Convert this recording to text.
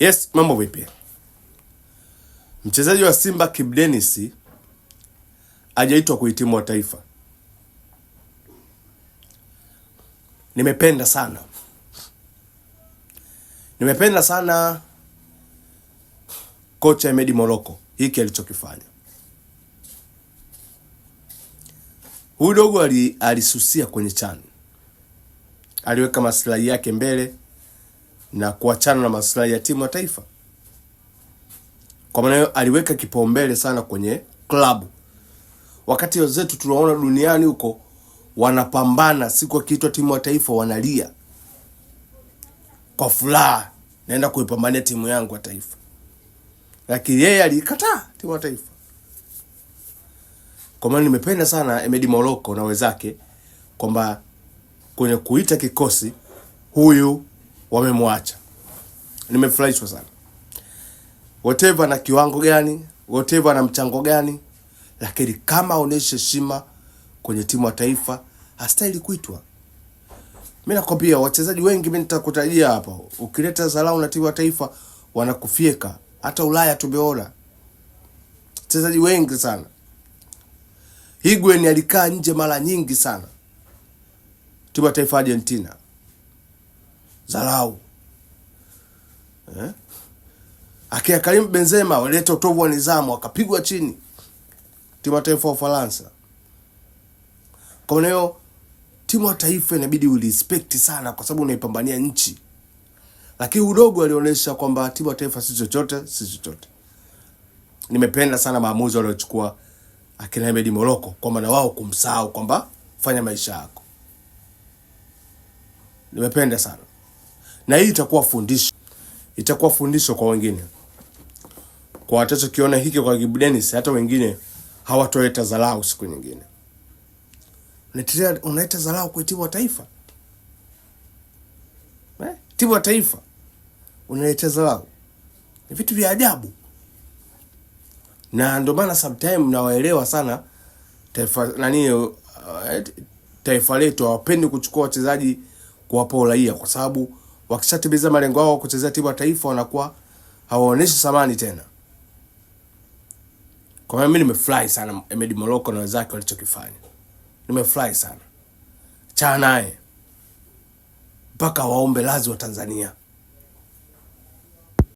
Yes, mambo vipi? Mchezaji wa Simba Kibu Denis kuitimu kuhitimu wa taifa. Nimependa sana, nimependa sana kocha Emedi Moroko hiki alichokifanya. Huyu dogo alisusia kwenye chani, aliweka maslahi yake mbele na kuachana na maslahi ya timu ya taifa. Kwa maana hiyo aliweka kipaumbele sana kwenye klabu, wakati wenzetu tunaona duniani huko wanapambana, siku wakiitwa timu ya taifa wanalia kwa furaha, naenda kuipambania timu yangu ya taifa, lakini yeye alikataa timu ya taifa. Kwa maana nimependa sana Emedi Moroko na wenzake kwamba kwenye kuita kikosi huyu wamemwacha. Nimefurahishwa sana, whatever na kiwango gani, whatever na mchango gani, lakini kama aonyeshe heshima kwenye timu ya taifa hastahili kuitwa. Mi nakwambia wachezaji wengi mi nitakutajia hapa, ukileta dharau na timu ya taifa wanakufyeka. Hata Ulaya tumeona wachezaji wengi sana. Higuain alikaa nje mara nyingi sana timu ya taifa Argentina dharau eh? akia Karim Benzema waleta utovu wa nizamu akapigwa chini timu ya taifa ya Ufaransa. Kwa maana hiyo timu ya taifa inabidi urespect sana, kwa sababu unaipambania nchi. Lakini udogo alionyesha kwamba timu ya taifa si chochote, si chochote. Nimependa sana maamuzi waliochukua akina Ahmed Moroko, kwamba na wao kumsahau kwamba fanya maisha yako. Nimependa sana na hii itakuwa fundisho, itakuwa fundisho kwa wengine, kwa watachokiona hiki kwa Kibu Denis, hata wengine hawatoleta dharau siku nyingine. Unaleta dharau kwa timu ya taifa eh? timu ya taifa unaleta dharau, ni vitu vya ajabu, na ndio maana sometime nawaelewa sana taifa nani uh, taifa letu hawapendi kuchukua wachezaji kuwapa uraia kwa sababu wakishatimiza malengo yao kuchezea timu ya taifa wanakuwa hawaonyeshi samani tena. Kwa mimi nimefurahi sana Emedi moroko na wenzake walichokifanya, nimefurahi sana, cha naye mpaka waombe radhi wa Tanzania.